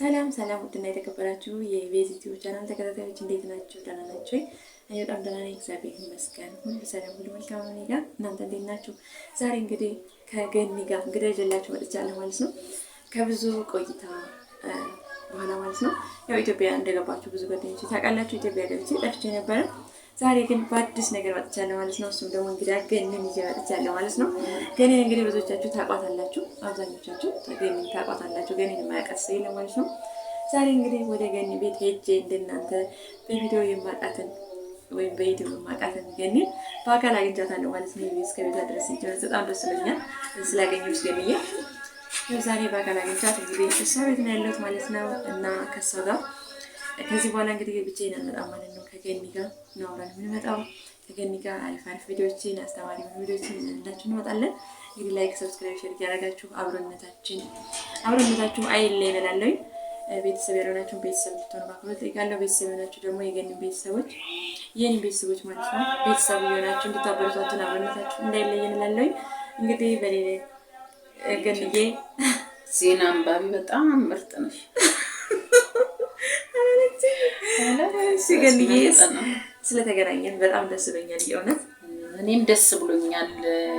ሰላም ሰላም፣ ውድና የተከበራችሁ የኢቢኤስ ዩቲዩብ ቻናል ተከታታዮች እንዴት ናችሁ? ደህና ናችሁ? እኔ በጣም ደህና ነኝ፣ እግዚአብሔር ይመስገን። ሁሉ ሰላም፣ ሁሉ መልካም ነው ጋር። እናንተ እንዴት ናችሁ? ዛሬ እንግዲህ ከገኒ ጋር እንግዲህ ይዤላችሁ መጥቻለሁ ማለት ነው። ከብዙ ቆይታ በኋላ ማለት ነው። ያው ኢትዮጵያ እንደገባችሁ ብዙ ጓደኞች ታውቃላችሁ። ኢትዮጵያ ገብቼ ጠፍቼ ነበረም ዛሬ ግን በአዲስ ነገር መጥቻለሁ ማለት ነው። እሱም ደግሞ እንግዲህ ገኒን ይዤ መጥቻለሁ ማለት ነው። ገኒን እንግዲህ ብዙዎቻችሁ ታቋታላችሁ፣ አብዛኞቻችሁ ገኒን ታቋታላችሁ። ገኒን የማያውቃት ሰው የለም ማለት ነው። ዛሬ እንግዲህ ወደ ገኒ ቤት ሄጄ እንደናንተ በቪዲዮ የማውቃትን ወይም በዩቲዩብ ማቃተን ገኒን በአካል አግኝቻታለሁ ማለት ነው። እስከ ቤቷ ድረስ እንዲሆን በጣም ደስ ብሎኛል ስላገኘሁ ገኒዬ ዛሬ በአካል አግኝቻት እንግዲህ እሷ ቤት ነው ያለሁት ማለት ነው እና ከሷ ጋር ከዚህ በኋላ እንግዲህ ብቻዬን አልመጣም ማለት ነው። ከገኒ ጋር ነው አብረን የምንመጣው። ከገኒ ጋር አሪፍ አሪፍ ቪዲዮችን አስተማሪ ቪዲዮችን እንዳችሁ እንመጣለን። እንግዲህ ላይክ፣ ሰብስክራይብ፣ ሼር እያደረጋችሁ አብሮነታችን አብሮነታችሁ አይለይ እላለሁኝ። ቤተሰብ ያልሆናችሁን ቤተሰብ እንድትሆኑ በአክብሮት እጠይቃለሁ። ቤተሰብ የሆናችሁ ደግሞ የገኒ ቤተሰቦች የኔ ቤተሰቦች ማለት ነው ቤተሰብ የሆናችሁ እንድታበረቷትን አብሮነታችሁ እንዳይለየን እላለሁኝ። እንግዲህ በሌላ ገንዬ ዜናም በጣም ምርጥ ነሽ። ስለተገናኘን በጣም ደስ ብሎኛል። የእውነት እኔም ደስ ብሎኛል።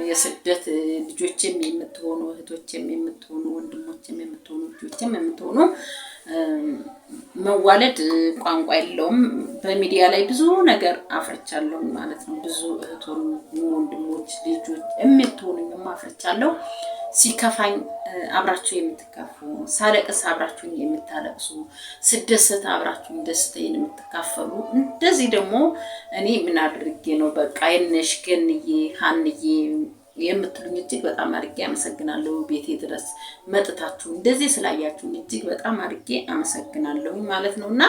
የስደት ልጆችም የምትሆኑ እህቶችም የምትሆኑ ወንድሞችም የምትሆኑ ልጆችም የምትሆኑ መዋለድ ቋንቋ የለውም። በሚዲያ ላይ ብዙ ነገር አፍርቻለሁ ማለት ነው። ብዙ እህቶች፣ ወንድሞች ልጆች የምትሆኑኝም አፍርቻለሁ። ሲከፋኝ አብራችሁ የምትከፉ፣ ሳለቅስ አብራችሁን የምታለቅሱ፣ ስደሰት አብራችሁን ደስታዬን የምትካፈሉ እንደዚህ ደግሞ እኔ ምን አድርጌ ነው በቃ የነሽ ገንዬ ሀንዬ የምትሉኝ እጅግ በጣም አድርጌ አመሰግናለሁ። ቤቴ ድረስ መጥታችሁ እንደዚህ ስላያችሁ እጅግ በጣም አድርጌ አመሰግናለሁ ማለት ነው እና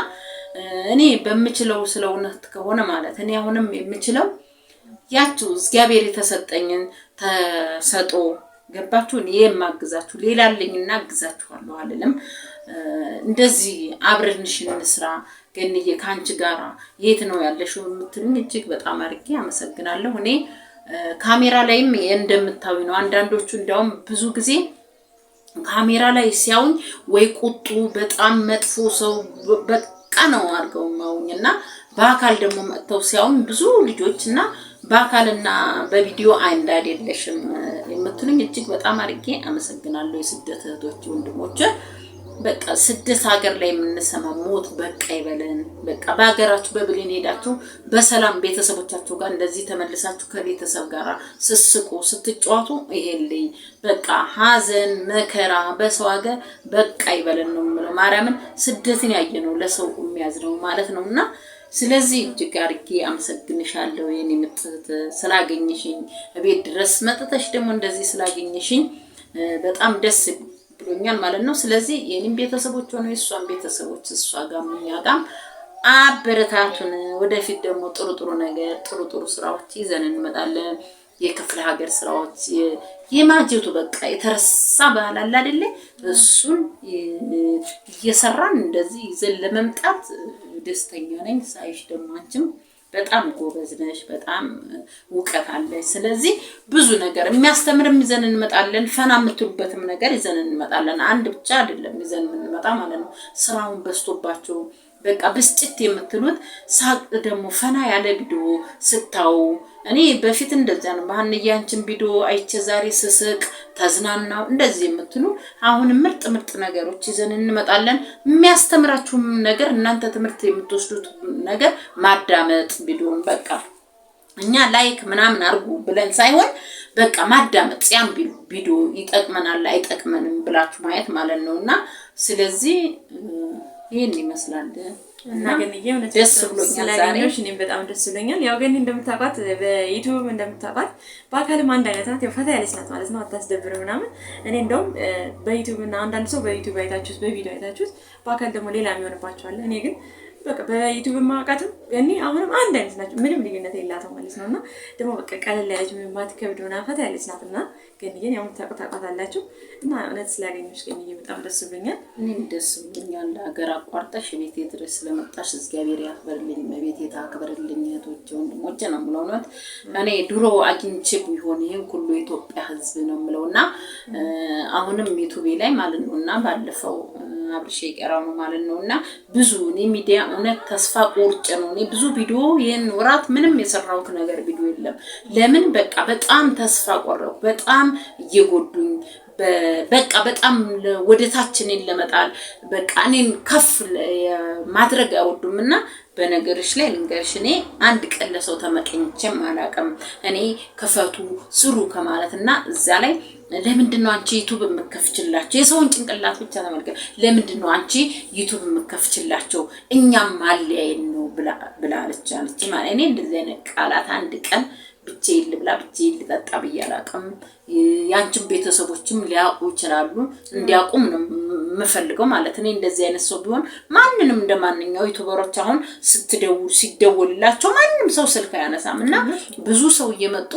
እኔ በምችለው ስለ እውነት ከሆነ ማለት እኔ አሁንም የምችለው ያችሁ እግዚአብሔር የተሰጠኝን ተሰጦ ገባችሁን? የማግዛችሁ ሌላ አለኝና አግዛችኋለሁ አልልም። እንደዚህ አብረንሽ እንስራ ገንዬ፣ ከአንቺ ጋራ የት ነው ያለሽው የምትሉኝ እጅግ በጣም አድርጌ አመሰግናለሁ። እኔ ካሜራ ላይም እንደምታዩ ነው። አንዳንዶቹ እንዲያውም ብዙ ጊዜ ካሜራ ላይ ሲያውኝ ወይ ቁጡ በጣም መጥፎ ሰው በቃ ነው አድርገው ማውኝ እና በአካል ደግሞ መጥተው ሲያውኝ ብዙ ልጆች እና በአካልና በቪዲዮ አንድ አይደለሽም የምትሉኝ እጅግ በጣም አድርጌ አመሰግናለሁ። የስደት እህቶች ወንድሞች፣ በቃ ስደት ሀገር ላይ የምንሰማ ሞት በቃ ይበለን። በቃ በሀገራችሁ በብሌን ሄዳችሁ በሰላም ቤተሰቦቻችሁ ጋር እንደዚህ ተመልሳችሁ ከቤተሰብ ጋር ስስቁ ስትጫዋቱ ይሄልኝ በቃ ሀዘን መከራ በሰው ሀገር በቃ ይበለን ነው የምለው። ማርያምን ስደትን ያየ ነው ለሰው የሚያዝ ነው ማለት ነው እና ስለዚህ እጅግ አድርጌ አመሰግንሻለሁ የኔ ምጥት ስላገኘሽኝ፣ እቤት ድረስ መጥተሽ ደግሞ እንደዚህ ስላገኘሽኝ በጣም ደስ ብሎኛል ማለት ነው። ስለዚህ የኔም ቤተሰቦች ሆነ የእሷን ቤተሰቦች እሷ ጋም እኛ ጋም አበረታቱን። ወደፊት ደግሞ ጥሩ ጥሩ ነገር ጥሩ ጥሩ ስራዎች ይዘን እንመጣለን። የክፍለ ሀገር ስራዎች የማጀቱ በቃ የተረሳ ባህል አለ አይደለ? እሱን እየሰራን እንደዚህ ይዘን ለመምጣት ደስተኛ ነኝ ሳይሽ። ደግሞ አንቺም በጣም ጎበዝ ነሽ፣ በጣም እውቀት አለሽ። ስለዚህ ብዙ ነገር የሚያስተምርም ይዘን እንመጣለን፣ ፈና የምትሉበትም ነገር ይዘን እንመጣለን። አንድ ብቻ አይደለም ይዘን የምንመጣ ማለት ነው። ስራውን በዝቶባቸው በቃ ብስጭት የምትሉት ሳቅ ደግሞ ፈና ያለ ቪዲዮ ስታው እኔ በፊት እንደዚያ ነው። በሀንያንችን ቪዲዮ አይቼ ዛሬ ስስቅ ተዝናናው እንደዚህ የምትሉ አሁን ምርጥ ምርጥ ነገሮች ይዘን እንመጣለን። የሚያስተምራችሁም ነገር እናንተ ትምህርት የምትወስዱት ነገር ማዳመጥ ቪዲዮን በቃ እኛ ላይክ ምናምን አድርጉ ብለን ሳይሆን በቃ ማዳመጥ ያም ቪዲዮ ይጠቅመናል አይጠቅመንም ብላችሁ ማየት ማለት ነው እና ስለዚህ ይህን ይመስላል እና ገንዬ እውነት ደስ ብሎኛል። ስላገኘሁሽ እኔም በጣም ደስ ብሎኛል። ያው ገኒ እንደምታውቋት በዩቲዩብ እንደምታውቋት በአካልም አንድ አይነት ናት። ያው ፈታ ያለች ናት ማለት ነው። አታስደብር ምናምን። እኔ እንደውም በዩቱብ እና አንዳንድ ሰው በዩቱብ አይታችሁት በቪዲዮ አይታችሁት በአካል ደግሞ ሌላ የሚሆንባቸዋል። እኔ ግን በቃ በዩቲዩብ ማውቃትም እኔ አሁንም አንድ አይነት ናቸው፣ ምንም ልዩነት የላትም ማለት ነው። እና ደግሞ በቃ ቀለል ያለች የማትከብድ ሆና ፈታ ያለች ናት። እና ገንዬን ያሁን ታውቃታላችሁ። እና እውነት ስላገኘሁሽ ገንዬ በጣም ደስ ብሎኛል። እኔም ደስ ብሎኛል። ሀገር አቋርጠሽ ቤቴ ድረስ ስለመጣሽ እግዚአብሔር ያክብርልኝ፣ ቤቴ ታክብርልኝ። እህቶች ወንድሞቼ ነው የምለው እውነት እኔ ድሮ አግኝቼ ቢሆን ይህን ሁሉ የኢትዮጵያ ሕዝብ ነው የምለው እና አሁንም ዩቱቤ ላይ ማለት ነው እና ባለፈው አብርሽ የቀረው ነው ማለት ነው። እና ብዙ እኔ ሚዲያ እውነት ተስፋ ቁርጭ ነው። እኔ ብዙ ቪዲዮ ይህን ወራት ምንም የሰራሁት ነገር ቪዲዮ የለም። ለምን በቃ በጣም ተስፋ ቆረኩ። በጣም እየጎዱኝ በቃ በጣም ወደ ታች እኔን ለመጣል በቃ እኔን ከፍ ማድረግ አይወዱም እና በነገሮች ላይ ልንገርሽ፣ እኔ አንድ ቀን ለሰው ተመቀኝቼም አላውቅም። እኔ ክፈቱ ስሩ ከማለት እና እዛ ላይ ለምንድን ነው አንቺ ዩቱብ የምከፍችላቸው? የሰውን ጭንቅላት ብቻ ተመልከት። ለምንድን ነው አንቺ ዩቱብ የምከፍችላቸው? እኛም ማለያየን ነው ብላለች አለች። እኔ እንደዚህ አይነት ቃላት አንድ ቀን ብቻዬን ልብላ ብቻዬን ልጠጣ ብዬ አላውቅም። የአንችን ቤተሰቦችም ሊያውቁ ይችላሉ። እንዲያውቁም ነው የምፈልገው ማለት እኔ እንደዚህ አይነት ሰው ቢሆን ማንንም እንደ ማንኛው ዩቱበሮች አሁን ስትደውል ሲደወልላቸው ማንም ሰው ስልክ አያነሳም እና ብዙ ሰው እየመጡ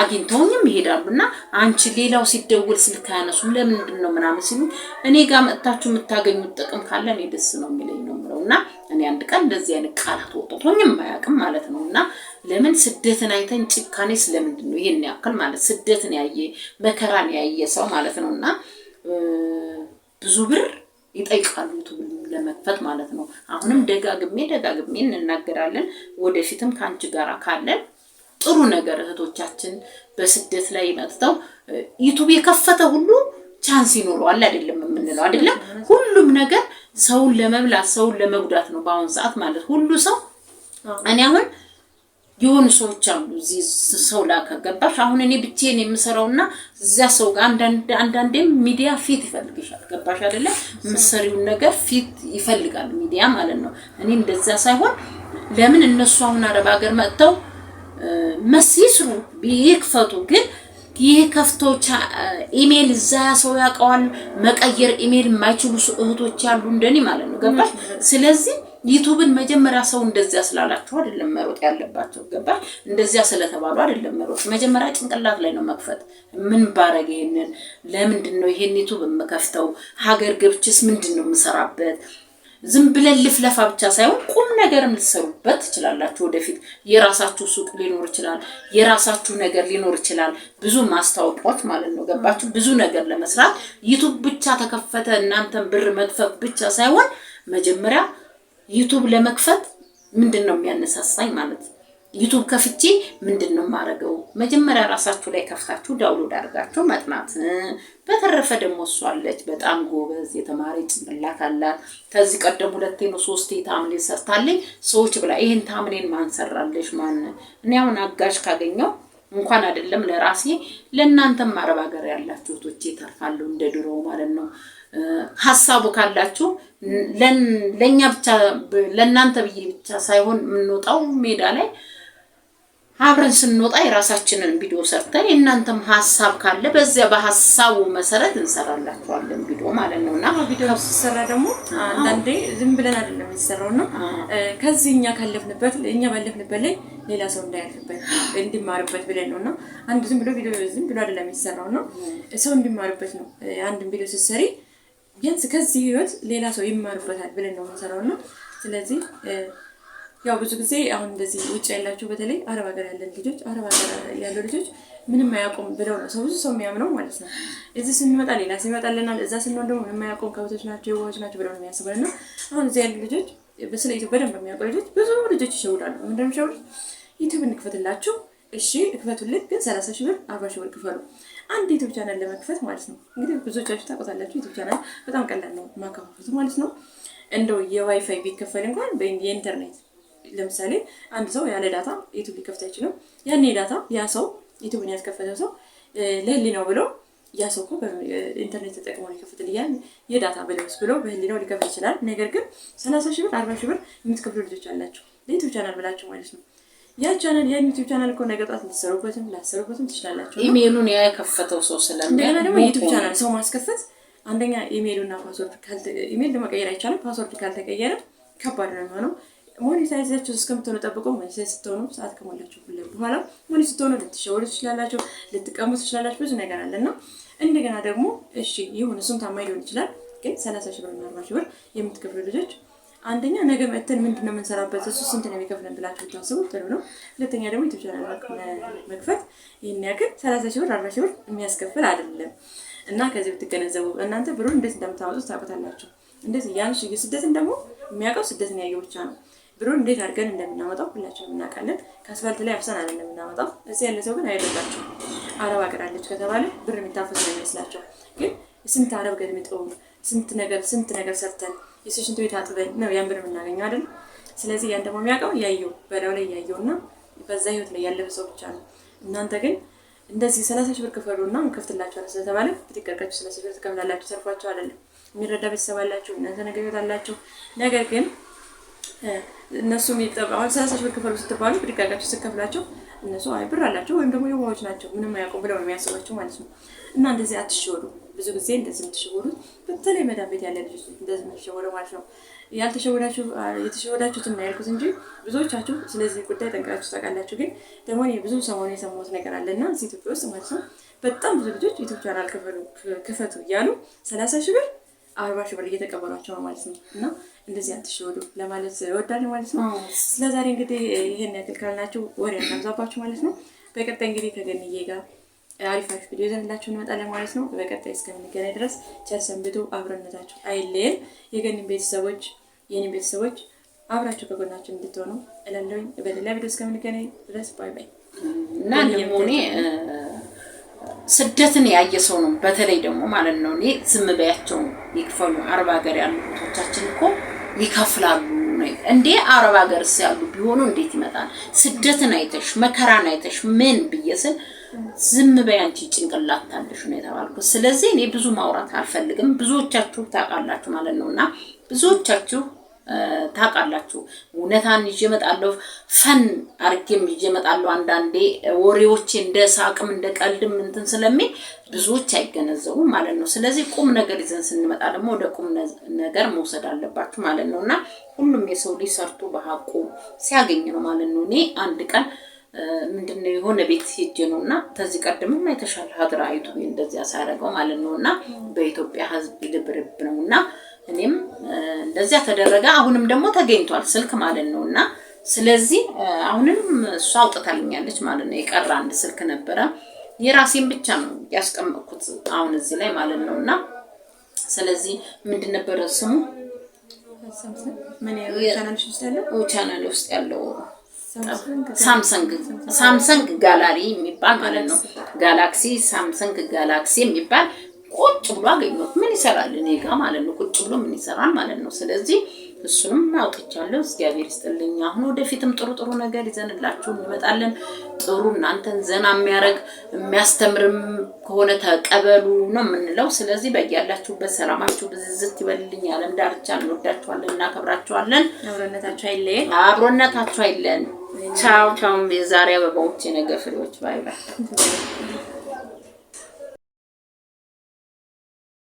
አግኝተውኝም ይሄዳሉ እና አንቺ ሌላው ሲደውል ስልክ አያነሱም ለምንድን ነው ምናምን ሲሉ እኔ ጋር መጥታችሁ የምታገኙት ጥቅም ካለ እኔ ደስ ነው የሚለኝ እና እኔ አንድ ቀን እንደዚህ አይነት ቃላት ወጥቶኝ አያውቅም ማለት ነው። እና ለምን ስደትን አይተን ጭካኔ ስለምንድን ነው ይህን ያክል ማለት ስደትን ያየ መከራን ያየ ሰው ማለት ነው። እና ብዙ ብር ይጠይቃሉ ትብሉ ለመክፈት ማለት ነው። አሁንም ደጋግሜ ደጋግሜ እንናገራለን። ወደፊትም ከአንቺ ጋር ካለን ጥሩ ነገር እህቶቻችን በስደት ላይ መጥተው ዩቱብ የከፈተ ሁሉ ቻንስ ይኖረዋል አይደለም የምንለው አይደለም ሁሉም ነገር ሰውን ለመብላት ሰውን ለመጉዳት ነው በአሁኑ ሰዓት ማለት ሁሉ ሰው እኔ አሁን የሆኑ ሰዎች አሉ እዚህ ሰው ላከ አሁን እኔ ብቻዬን የምሰራውና እዚያ ሰው ጋር አንዳንዴም ሚዲያ ፊት ይፈልግሻል ገባሽ አይደለ የምትሰሪውን ነገር ፊት ይፈልጋል ሚዲያ ማለት ነው እኔ እንደዛ ሳይሆን ለምን እነሱ አሁን አረብ ሀገር መጥተው መስይስሩ ይክፈቱ ግን ይህ ከፍቶ ኢሜል እዛ ሰው ያውቀዋል። መቀየር ኢሜል የማይችሉ እህቶች ያሉ እንደኔ ማለት ነው። ገባሽ? ስለዚህ ዩቱብን መጀመሪያ ሰው እንደዚያ ስላላቸው አይደለም መሮጥ ያለባቸው። ገባሽ? እንደዚያ ስለተባሉ አይደለም መሮጥ። መጀመሪያ ጭንቅላት ላይ ነው መክፈት። ምን ባረግ ይሄንን ለምንድን ነው ይሄን ዩቱብ የምከፍተው? ሀገር ገብችስ ምንድን ነው የምሰራበት ዝም ብለን ልፍለፋ ብቻ ሳይሆን ቁም ነገርም ልትሰሩበት ትችላላችሁ። ወደፊት የራሳችሁ ሱቅ ሊኖር ይችላል፣ የራሳችሁ ነገር ሊኖር ይችላል። ብዙ ማስታወቂያዎች ማለት ነው። ገባችሁ? ብዙ ነገር ለመስራት ዩቱብ ብቻ ተከፈተ እናንተን ብር መክፈት ብቻ ሳይሆን መጀመሪያ ዩቱብ ለመክፈት ምንድን ነው የሚያነሳሳኝ ማለት ዩቱብ ከፍቼ ምንድን ነው የማደርገው? መጀመሪያ ራሳችሁ ላይ ከፍታችሁ ዳውንሎድ አድርጋችሁ መጥናት። በተረፈ ደግሞ እሷለች በጣም ጎበዝ የተማሪ ጭንቅላት አላት። ከዚህ ቀደም ሁለቴ ነው ሶስቴ ታምሌን ሰርታለኝ ሰዎች ብላ ይህን ታምሌን ማን ሰራለች? ማን እኔ አሁን አጋዥ ካገኘው እንኳን አይደለም ለራሴ ለእናንተም አረብ ሀገር ያላችሁ እህቶቼ ይተርፋሉ፣ እንደ ድሮ ማለት ነው። ሀሳቡ ካላችሁ ለእኛ ብቻ ለእናንተ ብዬ ብቻ ሳይሆን የምንወጣው ሜዳ ላይ አብረን ስንወጣ የራሳችንን ቪዲዮ ሰርተን የእናንተም ሀሳብ ካለ በዚያ በሀሳቡ መሰረት እንሰራላችኋለን ቪዲዮ ማለት ነው። እና ቪዲዮ ሲሰራ ደግሞ አንዳንዴ ዝም ብለን አይደለም የሚሰራው ነው። ከዚህ እኛ ካለፍንበት እኛ ባለፍንበት ላይ ሌላ ሰው እንዳያልፍበት እንዲማርበት ብለን ነው። እና ዝም ብሎ ቪዲዮ ዝም ብሎ አይደለም የሚሰራው ነው። ሰው እንዲማርበት ነው። አንድን ቪዲዮ ስትሰሪ ቢያንስ ከዚህ ህይወት ሌላ ሰው ይማርበታል ብለን ነው የምንሰራው ነው። ስለዚህ ያው ብዙ ጊዜ አሁን እንደዚህ ውጭ ያላቸው በተለይ አረብ ሀገር ያለን ልጆች አረብ ሀገር ያለው ልጆች ምንም አያውቁም ብለው ነው ሰው ብዙ ሰው የሚያምነው ማለት ነው። እዚህ ስንመጣ ሌላ ሲመጣልናል፣ እዛ ስንሆን ደግሞ ምንም አያውቁም ከብቶች ናቸው የዋሆች ናቸው ብለው ነው የሚያስበን እና አሁን እዚህ ያሉ ልጆች በስለ ኢትዮ በደንብ የሚያውቁ ልጆች ብዙ ልጆች ይሸውዳሉ። ምንድን ነው ይሸውዱት? ዩቲዩብ እንክፈትላችሁ እሺ እክፈቱልን፣ ግን ሰላሳ ሺህ ብር አርባ ሺህ ብር ክፈሉ። አንድ ዩቲዩብ ቻናል ለመክፈት ማለት ነው። እንግዲህ ብዙዎቻችሁ ታውቁታላችሁ፣ ዩቲዩብ ቻናል በጣም ቀላል ነው ማከፋፈቱ ማለት ነው። እንደው የዋይፋይ ቢከፈል እንኳን የኢንተርኔት ለምሳሌ አንድ ሰው ያለ ዳታ ዩቱብ ሊከፍት አይችልም። ያን ዳታ ያ ሰው ዩቱብን ያስከፈተው ሰው ለህሊ ነው ብሎ ያ ሰው እኮ ኢንተርኔት ተጠቅሞ ሊከፍትል ያን የዳታ ብለውስ ብሎ በህሊ ነው ሊከፍት ይችላል። ነገር ግን ሰላሳ ሺህ ብር አርባ ሺህ ብር የምትከፍሉ ልጆች አላቸው ለዩቱብ ቻናል ብላቸው ማለት ነው። ያ ቻናል ያን ዩቱብ ቻናል እኮ ነገ ጠዋት ልትሰሩበትም ላሰሩበትም ትችላላቸው። ኢሜሉን ያ የከፈተው ሰው ስለእንደገና ደግሞ የዩቱብ ቻናል ሰው ማስከፈት አንደኛ ኢሜሉና ፓስወርድ ኢሜል ለመቀየር አይቻልም። ፓስወርድ ካልተቀየረ ከባድ ነው የሚሆነው ሞኔታይዛችሁ እስከምትሆኑ ጠብቆ ሞኔታይዝ ስትሆኑ ሰዓት ከሞላችሁ በኋላ ሞኔ ስትሆኑ ልትሸወዱ ትችላላችሁ፣ ልትቀሙ ትችላላችሁ። ብዙ ነገር አለና እንደገና ደግሞ እሺ ይሁን እሱም ታማኝ ሊሆን ይችላል። ግን ሰላሳ ሺህ ብር እና አርባ ሺህ ብር የምትከፍሉ ልጆች አንደኛ ነገ መተን ምንድን ነው የምንሰራበት እሱ ስንት ነው የሚከፍለን ብላችሁ ብታስቡ ጥሩ ነው። ሁለተኛ ደግሞ ኢትዮጵያን መክፈት ይህን ያክል ሰላሳ ሺህ ብር አርባ ሺህ ብር የሚያስከፍል አይደለም እና ከዚህ ብትገነዘቡ እናንተ ብሩን እንዴት እንደምታወጡት ታውቁታላችሁ። እንዴት ያን ስደትን ደግሞ የሚያውቀው ስደትን ያየ ብቻ ነው። ብሩን እንዴት አድርገን እንደምናወጣው ሁላችንም እናውቃለን። ከአስፋልት ላይ አፍሰን አለ እንደምናወጣው እዚህ ያለ ሰው ግን አይደላቸው። አረብ ሀገር አለች ከተባለ ብር የሚታፈስ ነው የሚመስላቸው። ግን ስንት አረብ ገልምጦ ስንት ነገር ስንት ነገር ሰርተን የሴሽንት ቤት አጥበን ነው ያን ብር የምናገኘው አይደል? ስለዚህ ያን ደግሞ የሚያውቀው ያየው በላዩ ላይ ያየው እና በዛ ህይወት ላይ ያለፈ ሰው ብቻ ነው። እናንተ ግን እንደዚህ ሰላሳ ሺህ ብር ክፈሉ እና እንከፍትላቸዋለን ስለተባለ ብትቀርቀችሁ ሰላሳ ሺህ ብር ትከፍላላችሁ። ሰርፏቸው አይደለም የሚረዳ ቤተሰብ አላችሁ፣ እናንተ ነገር ህይወት አላችሁ። ነገር ግን እነሱ የሚጠባሁን ሰላሳ ሺህ ብር ክፈሉ ስትባሉ ብድግ አድርጋችሁ ስትከፍላቸው እነሱ አይ ብር አላቸው ወይም ደግሞ የዋሆች ናቸው ምንም አያውቁም ብለው የሚያስባቸው ማለት ነው። እና እንደዚህ አትሸወዱ። ብዙ ጊዜ እንደዚህ የምትሸወዱት በተለይ መዳን ቤት ያለ ልጅ እንደዚህ የምትሸወደው ማለት ነው። ያልተሸወዳችሁትን ነው ያልኩት እንጂ ብዙዎቻችሁ ስለዚህ ጉዳይ ጠንቅላችሁ ታውቃላችሁ። ግን ደግሞ ብዙ ሰሞኑን የሰማሁት ነገር አለ እና እዚህ ኢትዮጵያ ውስጥ ማለት ነው በጣም ብዙ ልጆች ኢትዮጵያን አልክፈቱ እያሉ ሰላሳ ሺህ ብር አርባ ሺህ ብር እየተቀበሏቸው ነው ማለት ነው እና እንደዚህ አትሸወዱ ለማለት ወዳል ማለት ነው። ስለዛሬ እንግዲህ ይህን ያክል ካልናችሁ ወሬ እናብዛባችሁ ማለት ነው። በቀጣይ እንግዲህ ከገንዬ ጋር አሪፍ አሪፍ ቪዲዮ ይዘንላችሁ እንመጣለን ማለት ነው። በቀጣይ እስከምንገናኝ ድረስ ቸር ሰንብቱ። አብረነታችሁ አይለየን። የገኒን ቤተሰቦች የኔን ቤተሰቦች አብራችሁ ከጎናችን እንድትሆኑ እላለሁኝ። በሌላ ቪዲዮ እስከምንገናኝ ድረስ ባይ ባይ። እና ደግሞ እኔ ስደትን ያየ ሰው ነው፣ በተለይ ደግሞ ማለት ነው እኔ ዝም በያቸው ይክፈሉ። አረብ ሀገር ያሉ እህቶቻችን እኮ ይከፍላሉ። እንዴ አረብ ሀገርስ ያሉ ቢሆኑ እንዴት ይመጣል? ስደትን አይተሽ መከራን አይተሽ ምን ብዬ ስል ዝም በይ አንቺ ጭንቅላት ነው የተባልኩት። ስለዚህ እኔ ብዙ ማውራት አልፈልግም። ብዙዎቻችሁ ታውቃላችሁ ማለት ነው እና ብዙዎቻችሁ ታውቃላችሁ። እውነታን ይዤ እመጣለሁ፣ ፈን አርጌም ይዤ እመጣለሁ። አንዳንዴ ወሬዎቼ እንደ ሳቅም እንደ ቀልድም እንትን ስለሚል ብዙዎች አይገነዘቡም ማለት ነው። ስለዚህ ቁም ነገር ይዘን ስንመጣ ደግሞ ወደ ቁም ነገር መውሰድ አለባችሁ ማለት ነው እና ሁሉም የሰው ልጅ ሰርቶ በሀቁ ሲያገኝ ነው ማለት ነው። እኔ አንድ ቀን ምንድነው የሆነ ቤት ሄጄ ነው እና ከዚህ ቀድምም የተሻለ ሀገር አይቱ እንደዚያ ሳያደርገው ማለት ነው እና በኢትዮጵያ ሕዝብ ልብርብ ነው እና እኔም እንደዚያ ተደረገ። አሁንም ደግሞ ተገኝቷል ስልክ ማለት ነው እና ስለዚህ አሁንም እሷ አውጥታልኛለች ማለት ነው። የቀረ አንድ ስልክ ነበረ የራሴን ብቻ ነው ያስቀመጥኩት አሁን እዚህ ላይ ማለት ነው እና ስለዚህ ምንድን ነበረ ስሙ ቻናል ውስጥ ያለው ሳምሰንግ ጋላሪ የሚባል ማለት ነው። ጋላክሲ ሳምሰንግ ጋላክሲ የሚባል ቁጭ ብሎ አገኘሁት። ምን ይሰራል እኔ ጋ ማለት ነው። ቁጭ ብሎ ምን ይሰራል ማለት ነው። ስለዚህ እሱንም አውጥቻለሁ። እግዚአብሔር ይስጥልኝ። አሁን ወደፊትም ጥሩ ጥሩ ነገር ይዘንላችሁ እንመጣለን። ጥሩ እናንተን ዘና የሚያደርግ የሚያስተምርም ከሆነ ተቀበሉ ነው የምንለው። ስለዚህ በያላችሁበት ሰላማችሁ ብዝዝት ይበልልኝ። የዓለም ዳርቻ እንወዳችኋለን፣ እናከብራችኋለን። አብሮነታችሁ አይለየን፣ አብሮነታችሁ አይለን። ቻው ቻው። የዛሬ አበባዎች፣ የነገ ፍሬዎች። ባይ ባይ።